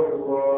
Gracias.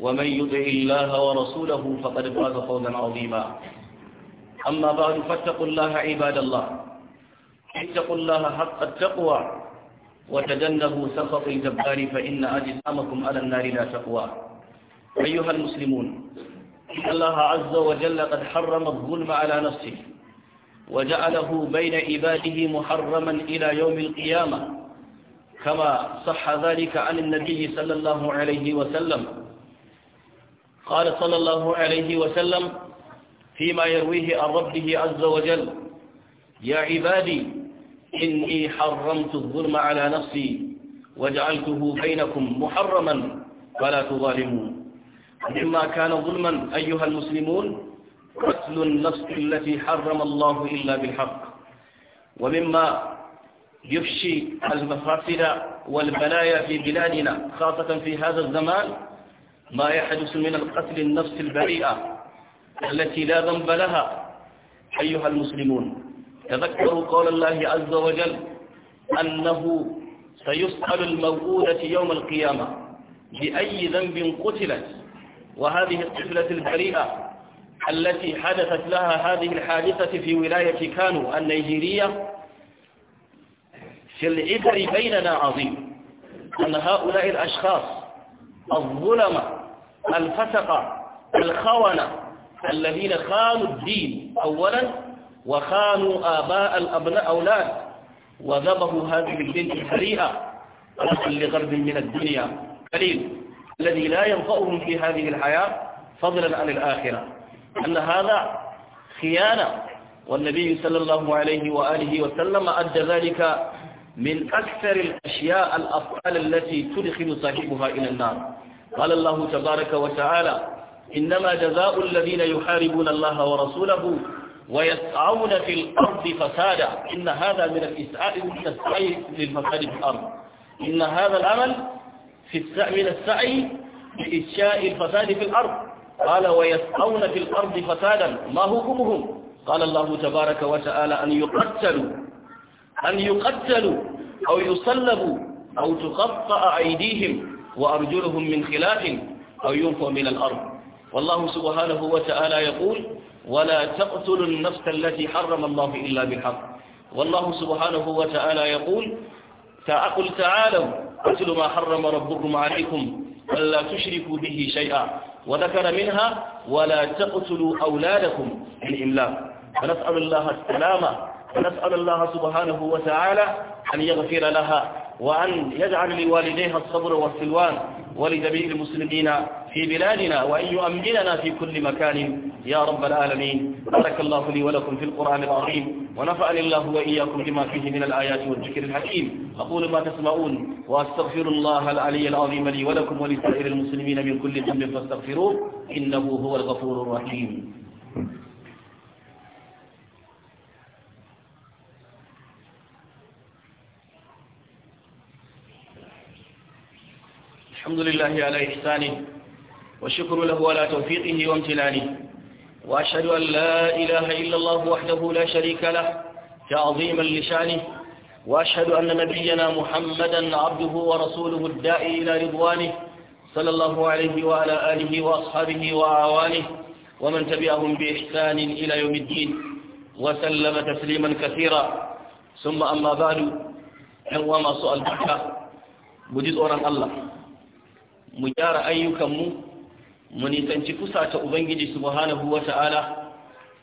ومن يطع الله ورسوله فقد فاز فوزا عظيما أما بعد فاتقوا الله عباد الله اتقوا الله حق التقوى وتجنبوا سخط الجبار فإن أجسامكم على النار لا تقوى أيها المسلمون إن الله عز وجل قد حرم الظلم على نفسه وجعله بين عباده محرما إلى يوم القيامة كما صح ذلك عن النبي صلى الله عليه وسلم قال صلى الله عليه وسلم فيما يرويه عن ربه عز وجل يا عبادي إني حرمت الظلم على نفسي وجعلته بينكم محرما فلا تظالمون مما كان ظلما أيها المسلمون قتل النفس التي حرم الله إلا بالحق ومما يفشي المفاسد والبلايا في بلادنا خاصة في هذا الزمان ما يحدث من القتل النفس البريئة التي لا ذنب لها أيها المسلمون تذكروا قول الله عز وجل أنه سيسأل الموؤودة يوم القيامة بأي ذنب قتلت وهذه الطفلة البريئة التي حدثت لها هذه الحادثة في ولاية كانو النيجيرية في العبر بيننا عظيم أن هؤلاء الأشخاص الظلمة الفسقة الخونة الذين خانوا الدين أولا وخانوا آباء الأبناء أولاد وذبحوا هذه البنت الحريئة رحل لغرب من الدنيا قليل الذي لا ينفعهم في هذه الحياة فضلا عن الآخرة أن هذا خيانة والنبي صلى الله عليه وآله وسلم أدى ذلك من أكثر الأشياء الأفعال التي تدخل صاحبها إلى النار قال الله تبارك وتعالى إنما جزاء الذين يحاربون الله ورسوله ويسعون في الأرض فسادا إن هذا من الإسعاء من السعي للفساد في الأرض إن هذا العمل في من السعي لإشاء الفساد في الأرض قال ويسعون في الأرض فسادا ما هو حكمهم قال الله تبارك وتعالى أن يقتلوا أن يقتلوا أو يصلبوا أو تقطع أيديهم وأرجلهم من خلاف أو ينفوا من الأرض والله سبحانه وتعالى يقول ولا تقتلوا النفس التي حرم الله إلا بالحق والله سبحانه وتعالى يقول قل تعالوا قتلوا ما حرم ربكم عليكم ألا تشركوا به شيئا وذكر منها ولا تقتلوا أولادكم من إملاك فنسأل الله السلامة ونسأل الله سبحانه وتعالى أن يغفر لها وأن يجعل لوالديها الصبر والسلوان ولجميع المسلمين في بلادنا وأن يؤمننا في كل مكان يا رب العالمين بارك الله لي ولكم في القرآن العظيم ونفعني الله وإياكم بما فيه من الآيات والذكر الحكيم أقول ما تسمعون وأستغفر الله العلي العظيم لي ولكم ولسائر المسلمين من كل ذنب فاستغفروه إنه هو الغفور الرحيم الحمد لله على إحسانه والشكر له على توفيقه وامتنانه وأشهد أن لا إله إلا الله وحده لا شريك له تعظيما لشانه وأشهد أن نبينا محمدا عبده ورسوله الداعي إلى رضوانه صلى الله عليه وعلى آله وأصحابه وأعوانه ومن تبعهم بإحسان إلى يوم الدين وسلم تسليما كثيرا ثم أما بعد أنواما سؤال بكة مجيز أوران الله mu gyara ayyukanmu mu nisanci kusa ta ubangiji subhanahu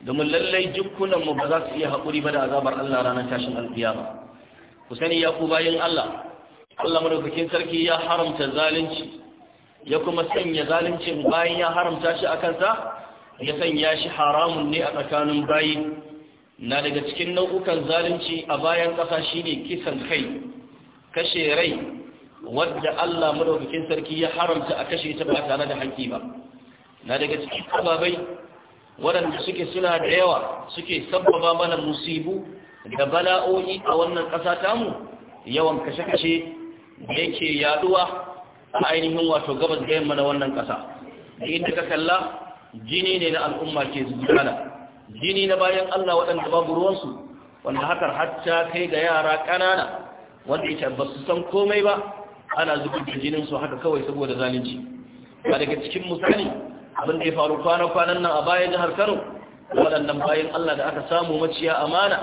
da mu lallai jukkunanmu ba za su iya haƙuri ba da azabar Allah ranar tashin alkiyama ku sani ya ku bayin Allah Allah madaukakin sarki ya haramta zalunci ya kuma sanya zaluncin bayan ya haramta shi a kansa ya sanya shi haramun ne a tsakanin bayi na daga cikin nau'ukan zalunci a bayan ƙasa shine kisan kai kashe rai wadda Allah madaukakin sarki ya haramta a kashe ta ba tare da hanki ba na daga cikin ababai waɗanda suke suna da yawa suke sabbaba mana musibu da bala'o'i a wannan ƙasa tamu yawan kashe-kashe da yake yaduwa a ainihin wato gabas da yamma na wannan ƙasa da ka kalla jini ne na al'umma ke zubana jini na bayan Allah waɗanda babu ruwansu wanda hakar hatta kai ga yara ƙanana wanda ita ba su san komai ba ana zubar da jinin su haka kawai saboda zalunci ba daga cikin misali abin da ya faru kwana kwanan nan a bayan jihar Kano waɗannan bayan Allah da aka samu maciya amana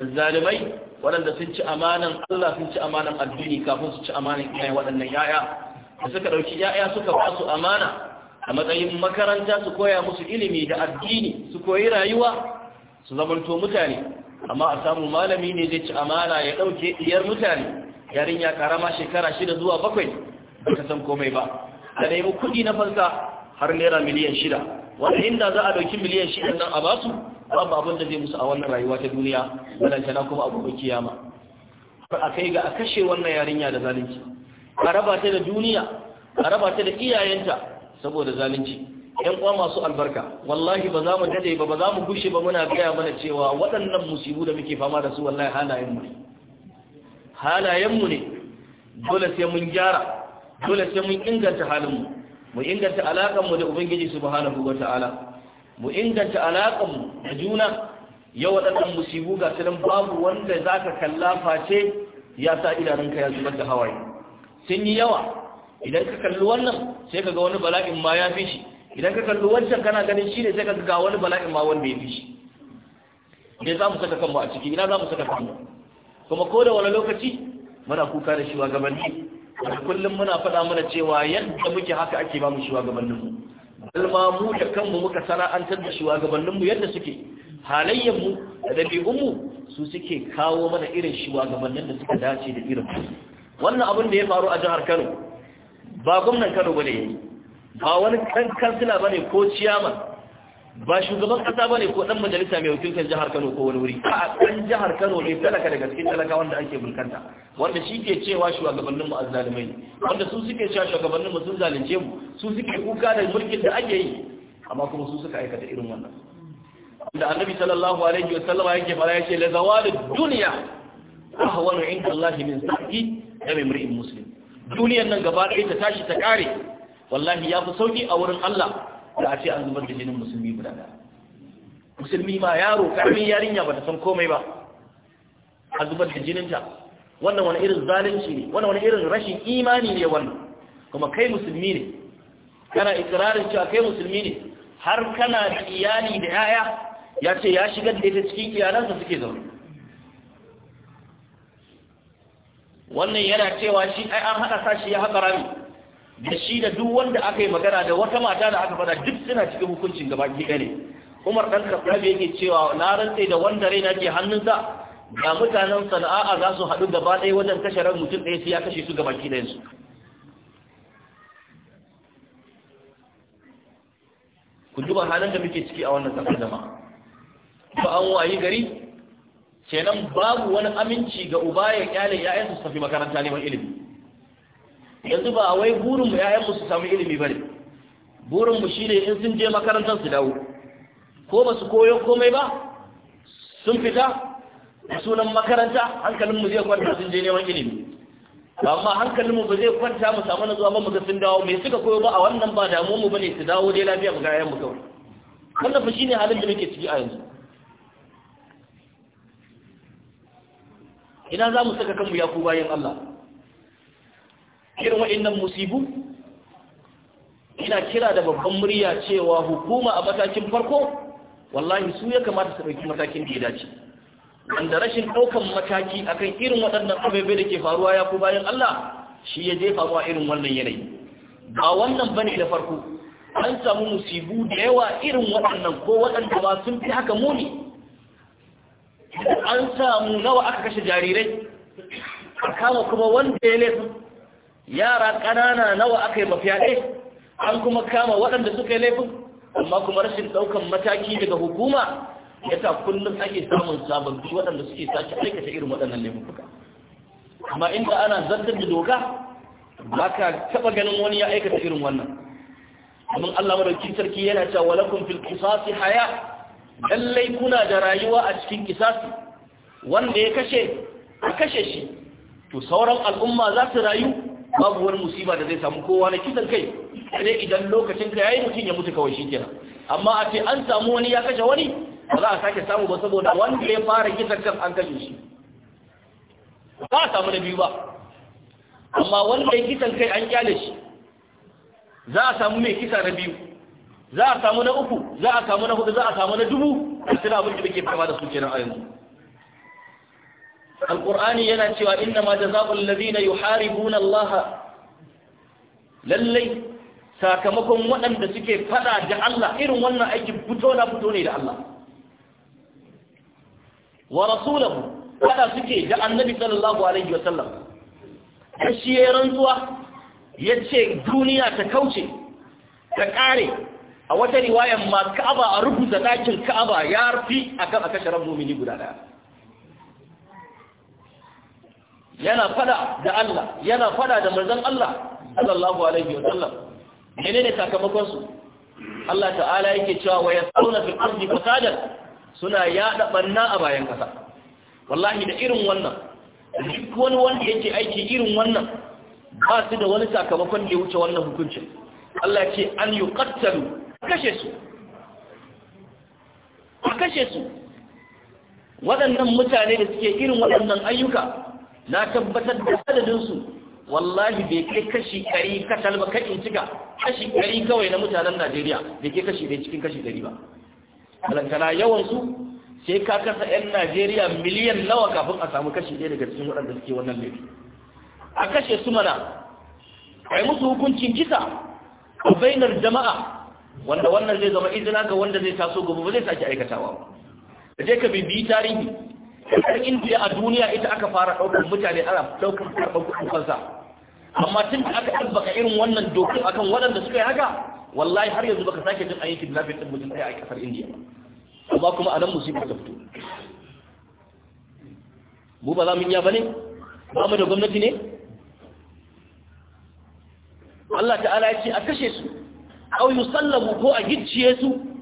zalimai waɗanda sun ci amanan Allah sun ci amanan addini kafin su ci amanan iyayen waɗannan yaya da suka ɗauki yaya suka ba su amana a matsayin makaranta su koya musu ilimi da addini su koyi rayuwa su zamanto mutane amma a samu malami ne zai ci amana ya ɗauke ɗiyar mutane yarinya karama shekara shida zuwa bakwai ba san komai ba a nemi kuɗi na fansa har naira miliyan shida wanda inda za a ɗauki miliyan shida nan a basu babu abin da zai musu a wannan rayuwa ta duniya tana kuma abubuwan kiyama har a kai ga a kashe wannan yarinya da zalunci a raba ta da duniya a raba ta da iyayenta saboda zalunci ‘yan uwa masu albarka wallahi ba za mu dade ba ba za mu gushe ba muna gaya mana cewa waɗannan musibu da muke fama da su wallahi yin mu halayenmu ne dole sai mun gyara dole sai mun inganta halinmu mu inganta alaƙanmu da ubangiji subhanahu ta'ala mu inganta alaƙanmu da juna yau waɗannan musibu ga sanin babu wanda za ka kalla face ya sa idanunka ya zubar da hawaye sun yi yawa idan ka kalli wannan sai ka ga wani bala'in ma ya fi shi idan ka kalli wancan kana ganin shi ne sai ka ga wani bala'in ma wanda ya fi shi ne za mu saka kanmu a ciki ina za mu saka kanmu kuma ko da wani lokaci muna kuka da shugabanni Wani kullum muna faɗa mana cewa yadda muke haka ake ba mu shugabanninmu balma mu da kanmu muka sana'antar da shugabanninmu yadda suke halayyarmu da ɗabi'unmu su suke kawo mana irin shugabannin da suka dace da irin wannan abin da ya faru a jihar Kano ba gwamnan Kano bane ba wani kankan kansila bane ko ciyaman ba shugaban kasa ba ne ko ɗan majalisa mai wakiltar jihar kano ko wani wuri a ɗan jihar kano mai talaka da gaske talaka wanda ake mulkanta wanda shi ke cewa shugabanninmu a zalimai wanda su suke cewa shugabanninmu sun zalunce mu su suke kuka da mulkin da ake yi amma kuma su suka aikata irin wannan da annabi sallallahu alaihi wa sallama yake fara yace la zawalud dunya ahwanu inda Allah min sa'i da mimri'in muslim duniyar nan gaba ɗaya ta tashi ta kare wallahi ya fi sauki a wurin Allah da a ce an zubar da jinin musulmi guda da. musulmi ma yaro karfin yarinya ba ta san komai ba a zubar da jininta wannan wani irin zalunci ne wannan wani irin rashin imani ne wannan kuma kai musulmi ne kana ikirarin cewa kai musulmi ne har kana da iyali da yaya ya ce ya shigar da ita cikin iyalansa suke zaune wannan yana cewa shi ai an haɗa sa shi ya haƙa rami da shi da duk wanda aka yi magana da wata mata da aka fada duk suna cikin hukuncin gaba ki gane Umar dan Khattab yake cewa na rantse da wanda raina ke hannunsa ga mutanen sana'a za su haɗu gaba ɗaya wajen kashe ran mutum ɗaya sai ya kashe su gaba ki su ku duba halin da muke ciki a wannan tsakar jama'a ba an wayi gari kenan babu wani aminci ga uba ya kyale ya'yansu su tafi makaranta neman ilimi yanzu ba wai burin mu yayan mu su samu ilimi bane burin mu shine in sun je makarantar su dawo ko ba su koyo komai ba sun fita sunan makaranta hankalin mu zai kwanta sun je neman ilimi amma hankalin mu ba zai kwanta mu samu nutsuwa ba mu ga sun dawo me suka koyo ba a wannan ba damu mu bane su dawo dai lafiya mu ga yayan mu kawai wannan fa shine halin da muke ciki a yanzu ina za mu saka kanmu ya ku bayan Allah irin waɗannan musibu ina kira da babban murya cewa hukuma a matakin farko wallahi su ya kamata su ɗauki matakin da ya dace wanda rashin ɗaukan mataki akan irin waɗannan abubuwa da ke faruwa ya ku bayan Allah shi ya jefa wa irin wannan yanayi ba wannan bane da farko an samu musibu da yawa irin waɗannan ko waɗanda ba sun fi haka muni an samu nawa aka kashe jarirai a kama kuma wanda ya laifin yara ƙanana nawa aka yi mafiyaɗe an kuma kama waɗanda suka yi laifin amma kuma rashin ɗaukan mataki daga hukuma ya sa kullum ake samun sababbi waɗanda suke sake aikata irin waɗannan laifuka amma inda ana zartar da doka ba ka taɓa ganin wani ya aikata irin wannan amma Allah madauki sarki yana cewa walakum fil qisasi haya lallai kuna da rayuwa a cikin qisasi wanda ya kashe a kashe shi to sauran al'umma za su rayu babu wani musiba da zai samu kowa na kisan kai sai idan lokacin ka yayi mutum ya mutu kawai shikenan amma a ce an samu wani ya kashe wani ba za a sake samu ba saboda wanda ya fara kisan kan an kashe shi ba a samu na biyu ba amma wanda ya kisan kai an kyale shi za a samu mai kisa na biyu za a samu na uku za a samu na hudu za a samu na dubu a tuna abin da ke fama da su kenan a yanzu alqur'ani yana cewa inda ma jazaa'ul ladina yuharibuna Allah lallai sakamakon waɗanda suke fada da Allah irin wannan aiki fito na fito ne da Allah wa rasulahu fada suke da annabi sallallahu alaihi wa sallam shi ya rantsuwa duniya ta kauce ta ƙare a wata riwayan ma Ka'aba a rubuta ɗakin Ka'aba ya rufi akan a kashe rabu mini guda ɗaya. yana fada da Allah yana fada da manzon Allah sallallahu alaihi wa sallam menene sakamakon su Allah ta'ala yake cewa wa yasuna fil ardi fasada suna yada banna a bayan kasa wallahi da irin wannan duk wani wanda yake aiki irin wannan ba su da wani sakamakon da ya wuce wannan hukuncin Allah ce an yuqattalu kashe su kashe su waɗannan mutane da suke irin waɗannan ayyuka na tabbatar da adadinsu wallahi bai kai kashi ɗari kacal ba kaɗin cika kashi ɗari kawai na mutanen najeriya bai kai kashi ɗari cikin kashi ɗari ba alankana yawansu sai ka kasa 'yan najeriya miliyan nawa kafin a samu kashi ɗaya daga cikin waɗanda suke wannan laifi a kashe su mana a musu hukuncin kisa a bainar jama'a wanda wannan zai zama izina ga wanda zai taso gobe ba zai sake aikatawa ba je ka bibiyi tarihi kasar indiya a duniya ita aka fara ɗaukar mutane Arab, ɗaukar karɓar kuɗin fansa amma tun da aka ɗabbaka irin wannan dokin akan waɗanda suka yi haka wallahi har yanzu baka sake jin ayyukan na fitin mutum ɗaya a kasar indiya amma kuma a nan musibar ta fito mu ba za mu iya ba ne ba mu da gwamnati ne Allah ta'ala ya ce a kashe su au yusallamu ko a gicciye su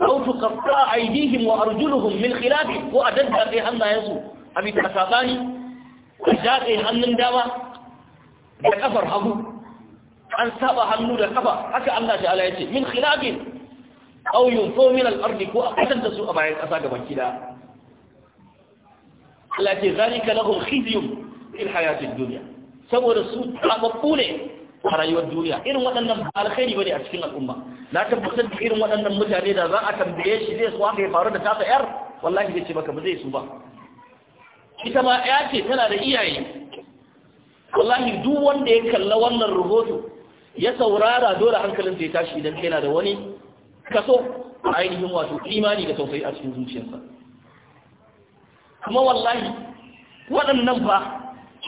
aw tuqatta aydihim wa arjuluhum min khilaf ko a daddatse hannayensu a bi tasabani a hannun dama da kafar hagu an saba hannu da kafa haka Allah ta'ala yace min khilafin aw yunfo min al ko a kasar da su a bayan ƙasa gaban gida Allah ce zalika lahum khizyun fil hayatid dunya saboda su tababbu ne a rayuwar duniya irin waɗannan alkhairi bane a cikin al'umma na tabbatar da irin waɗannan mutane da za a tambaye shi zai so haka ya faru da tasa yar wallahi zai ce maka ba zai su ba ita ma ya ce tana da iyaye wallahi duk wanda ya kalla wannan rahoto ya saurara dole hankalin ya tashi idan yana da wani kaso a ainihin wato imani da tausayi a cikin zuciyarsa kuma wallahi waɗannan fa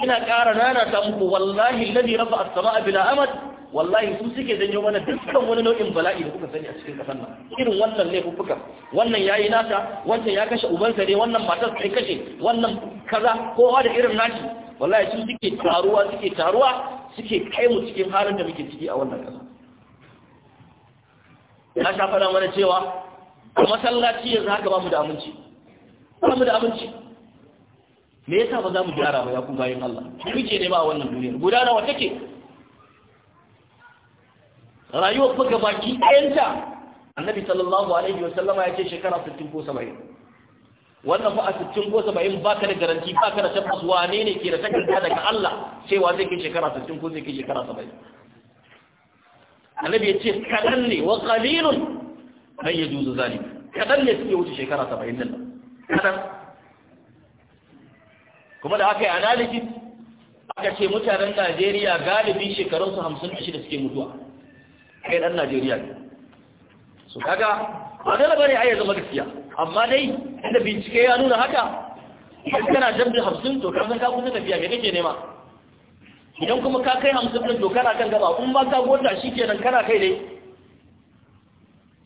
ina ƙara nana ta muku wallahi alladhi rafa as-sama'a bila amad wallahi sun suke janyo mana dukkan wani nau'in bala'i da kuka sani a cikin kasan nan irin wannan ne fuka wannan yayi nata wancan ya kashe ubansa ne wannan matar sai kashe wannan kaza kowa da irin nashi wallahi sun suke taruwa suke taruwa suke kai mu cikin halin da muke ciki a wannan kasa na shafa mana cewa masallaci yanzu haka ba mu da aminci ba mu da aminci me yasa ba za mu gyara ba ya ku bayan Allah kuke ne ba a wannan duniyar guda nawa take rayuwar fa gabaki ɗayanta annabi sallallahu alaihi wasallama ya ce shekara 60 ko 70 wannan fa a 60 ko 70 ka da garanti ka da tabbas wane ne ke da takarda daga Allah cewa zai kai shekara 60 ko zai kai shekara 70 annabi ya ce kadan ne wa qalilun man yajuzu zalik kadan ne suke wuce shekara 70 din nan kadan kuma da aka yi analysis aka ce mutanen Najeriya galibi shekarun su hamsin da shida suke mutuwa kai ɗan Najeriya ne su kaga ba dole labari ai ya zama gaskiya amma dai inda bincike ya nuna haka idan kana jan bi hamsin to kan ka kusa tafiya me kake nema idan kuma ka kai hamsin din to kana kan gaba Kuma ba ka gota shi kenan kana kai dai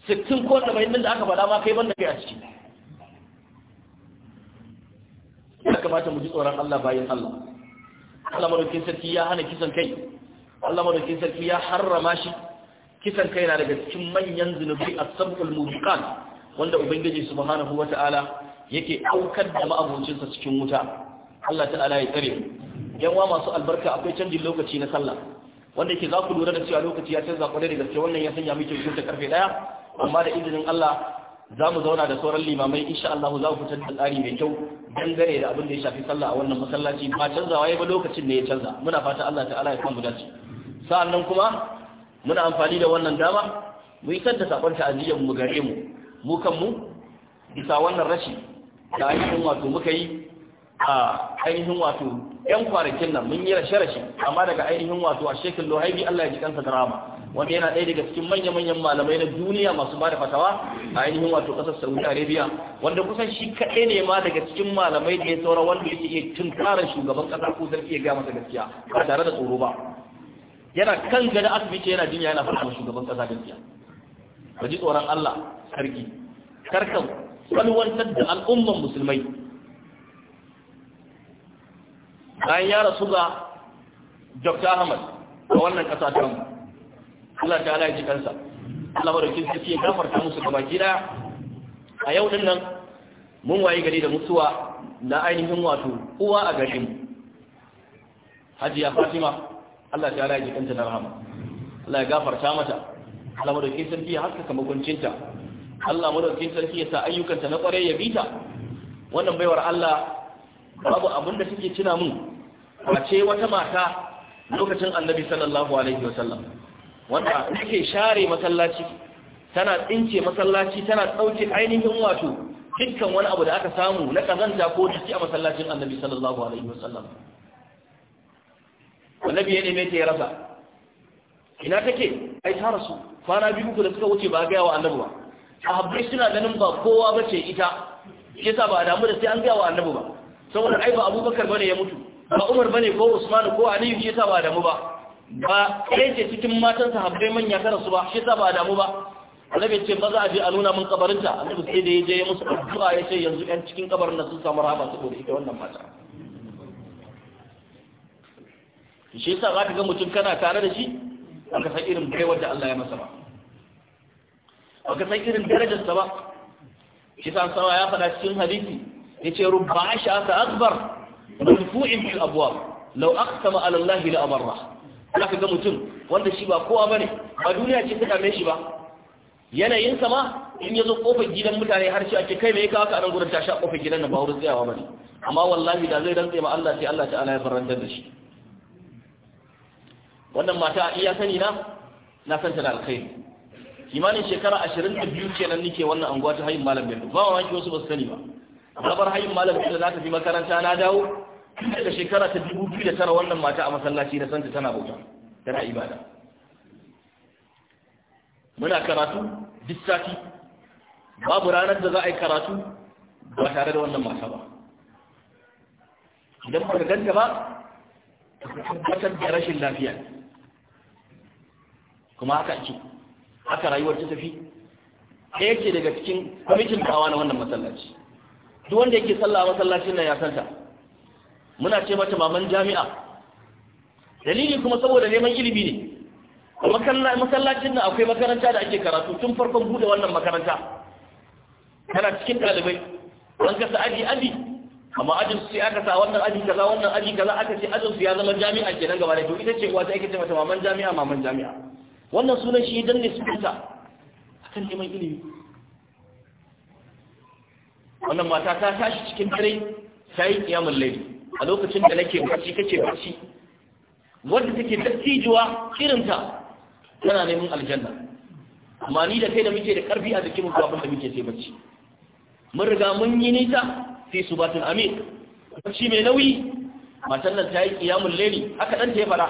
sittin ko saba'in da aka faɗa ma kai banda kai a ciki kamata mu ji tsoron Allah bayan Allah Allah madaukin sarki ya hana kisan kai Allah madaukin sarki ya harrama shi kisan kai na daga cikin manyan zunubi a sabul mubiqan wanda ubangiji subhanahu wata'ala yake aukar da ma'abocinsa cikin wuta Allah ta'ala ya tsare yanwa masu albarka akwai canjin lokaci na sallah wanda yake za ku lura da cewa lokaci ya canza kwarai da gaske wannan ya sanya muke ta karfe daya amma da izinin Allah za mu zauna da sauran limamai insha Allah za mu fitar da tsari mai kyau dangane da abin da ya shafi sallah a wannan masallaci ba canzawa ya ba lokacin da ya canza muna fata Allah ta'ala ya kuma mu dace sa'annan kuma muna amfani da wannan dama mu yi kanta sakon ta'aziyyar mu gare mu mu kan mu bisa wannan rashi da ainihin wato muka yi a ainihin wato yan kwanakin nan mun yi rashe-rashe amma daga ainihin wato a shekin lohaibi Allah ya ji kansa da rama wanda yana ɗaya daga cikin manya-manyan malamai na duniya masu ba da fatawa a ainihin wato ƙasar saudi arabia wanda kusan shi kaɗai ne ma daga cikin malamai da ya saura wanda yake iya tunkarar shugaban ƙasa ko zan iya gaya masa gaskiya ba tare da tsoro ba yana kan gani asibiti yana jinya yana faɗa shugaban ƙasa gaskiya ba ji tsoron allah sarki karkan salwantar da al'umman musulmai bayan ya rasu ga dr ahmad a wannan ƙasa ta mu Allah ta ala ya ji kansa Allah madaukin sarki ya gafarta musu gaba gida a yau din nan mun waye gari da mutuwa na ainihin wato uwa a garin Hajiya Fatima Allah ta ala ya ji kanta na rahama Allah ya gafarta mata Allah madaukin sarki ya haskaka makuncinta Allah madaukin sarki ya sa ayyukanta na kwarai ya bita wannan baiwar Allah babu abin da suke tuna mun a ce wata mata lokacin annabi sallallahu alaihi wasallam wanda take share masallaci tana tsince masallaci tana ɗauke ainihin wato dukkan wani abu da aka samu na kazanta ko ciki a masallacin annabi sallallahu alaihi wasallam annabi ya neme ta rasa ina take ai ta rasu kwana biyu muku da suka wuce ba ga yawa annabi ba sahabbai suna ganin ba kowa bace ita yasa ba damu da sai an ga wa annabi ba saboda ai ba abubakar bane ya mutu ba umar bane ko usman ko aliyu yasa ba damu ba ba ɗaya ce cikin matan sahabbai manya kana su ba shi sa ba damu ba annabi ce maza a je a nuna mun kabarinta annabi sai da ya je ya musu addu'a ya ce yanzu yan cikin kabarin nan sun samu rahama saboda ita wannan mata shi yasa za ka ga mutum kana tare da shi ba ka san irin baiwar da Allah ya masa ba ba ka san irin sa ba shi yasa sawa ya faɗa cikin hadisi ya ce rubba asha ta akbar marfu'in fil abwab law aqsama ala Allah la amarra za ka ga mutum wanda shi ba kowa bane ba duniya ce ta dame shi ba yanayin sama in ya zo kofar gidan mutane har shi ake kai mai kawo ka anan gurin tashi a kofar gidan na ba wurin tsayawa bane amma wallahi da zai rantse ma Allah sai Allah ta'ala ya farantar da shi wannan mata iya sani na na san ta da alkhairi kimanin shekara 22 kenan nake wannan anguwa ta hayin malam Bello ba wani wasu ba su sani ba na hayin malam Bello na tafi makaranta na dawo tun da shekara ta dubu biyu da tara wannan mata a masallaci na santa tana bauta tana ibada muna karatu duk sati babu ranar da za a yi karatu ba tare da wannan mata ba idan ba ganta ba tabbatar da rashin lafiya kuma haka ce haka rayuwar ta tafi ɗaya ce daga cikin kwamitin kawa na wannan masallaci duk wanda yake sallah a masallacin nan ya santa muna ce mata maman jami'a dalili kuma saboda neman ilimi ne masallacin nan akwai makaranta da ake karatu tun farkon bude wannan makaranta tana cikin ɗalibai an kasa aji aji amma ajin sai aka sa wannan aji kaza wannan aji kaza aka ce ajin su ya zama jami'a nan gaba da to ita ce wata ake ce mata maman jami'a maman jami'a wannan sunan shi dan ne sunta akan neman ilimi wannan mata ta tashi cikin dare sai kiyamul layli a lokacin da nake barci kake barci wadda take dattijuwa irinta tana neman aljanna amma ni da kai da muke da karfi a jikin mutu abin da muke sai barci mun riga mun yi nisa sai su batun Amin. barci mai nauyi matan nan ta yi kiyamun laili haka ɗan ta yi fara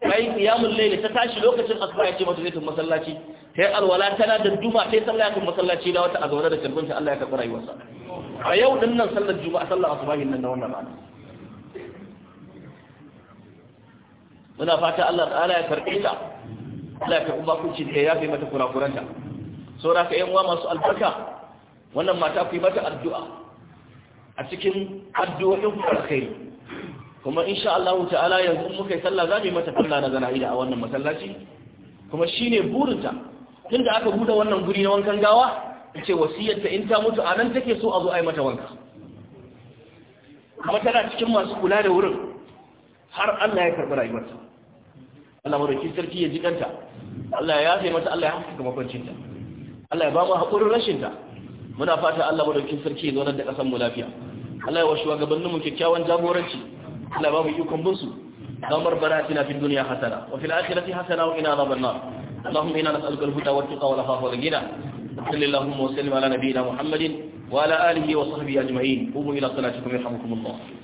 ta yi kiyamun laili ta tashi lokacin asuba ya ce mata zai tun masallaci ta yi alwala tana da duma sai yi sallah ya tun masallaci na wata a zaune da karbinta Allah ya karɓi rayuwarsa a yau ɗin nan sallar juma'a sallar asuba nan na wannan rana muna fata Allah ta'ala ya karbe ta Allah ya karbi bakuncin da ya yafe mata kurakuranta saboda ka yan uwa masu albarka wannan mata ku yi mata addu'a a cikin addu'o'in alkhairi kuma insha Allah ta'ala yanzu muka yi sallah za mu yi mata sallah na zana'ida a wannan masallaci kuma shine burinta tunda aka bude wannan guri na wankan gawa in ce wasiyarta in ta mutu a nan take so a zo a yi mata wanka kuma tana cikin masu kula da wurin har Allah ya karɓi rayuwarsa Allah madauki sarki ya ji Allah ya yafe mata Allah ya haskaka makwancinta Allah ya ba mu haƙurin rashinta muna fata Allah madauki sarki ya zaunar da ƙasar mu lafiya Allah ya washe gabanin mu kyakkyawan jagoranci Allah ya ba mu ikon bin su damar baratina fi dunya hasana wa fil akhirati hasana wa qina adhaban nar اللهم انا نسالك الهدى والتقى والعفاف والغنى صل اللهم وسلم على نبينا محمد وعلى اله وصحبه اجمعين قوموا الى صلاتكم يرحمكم الله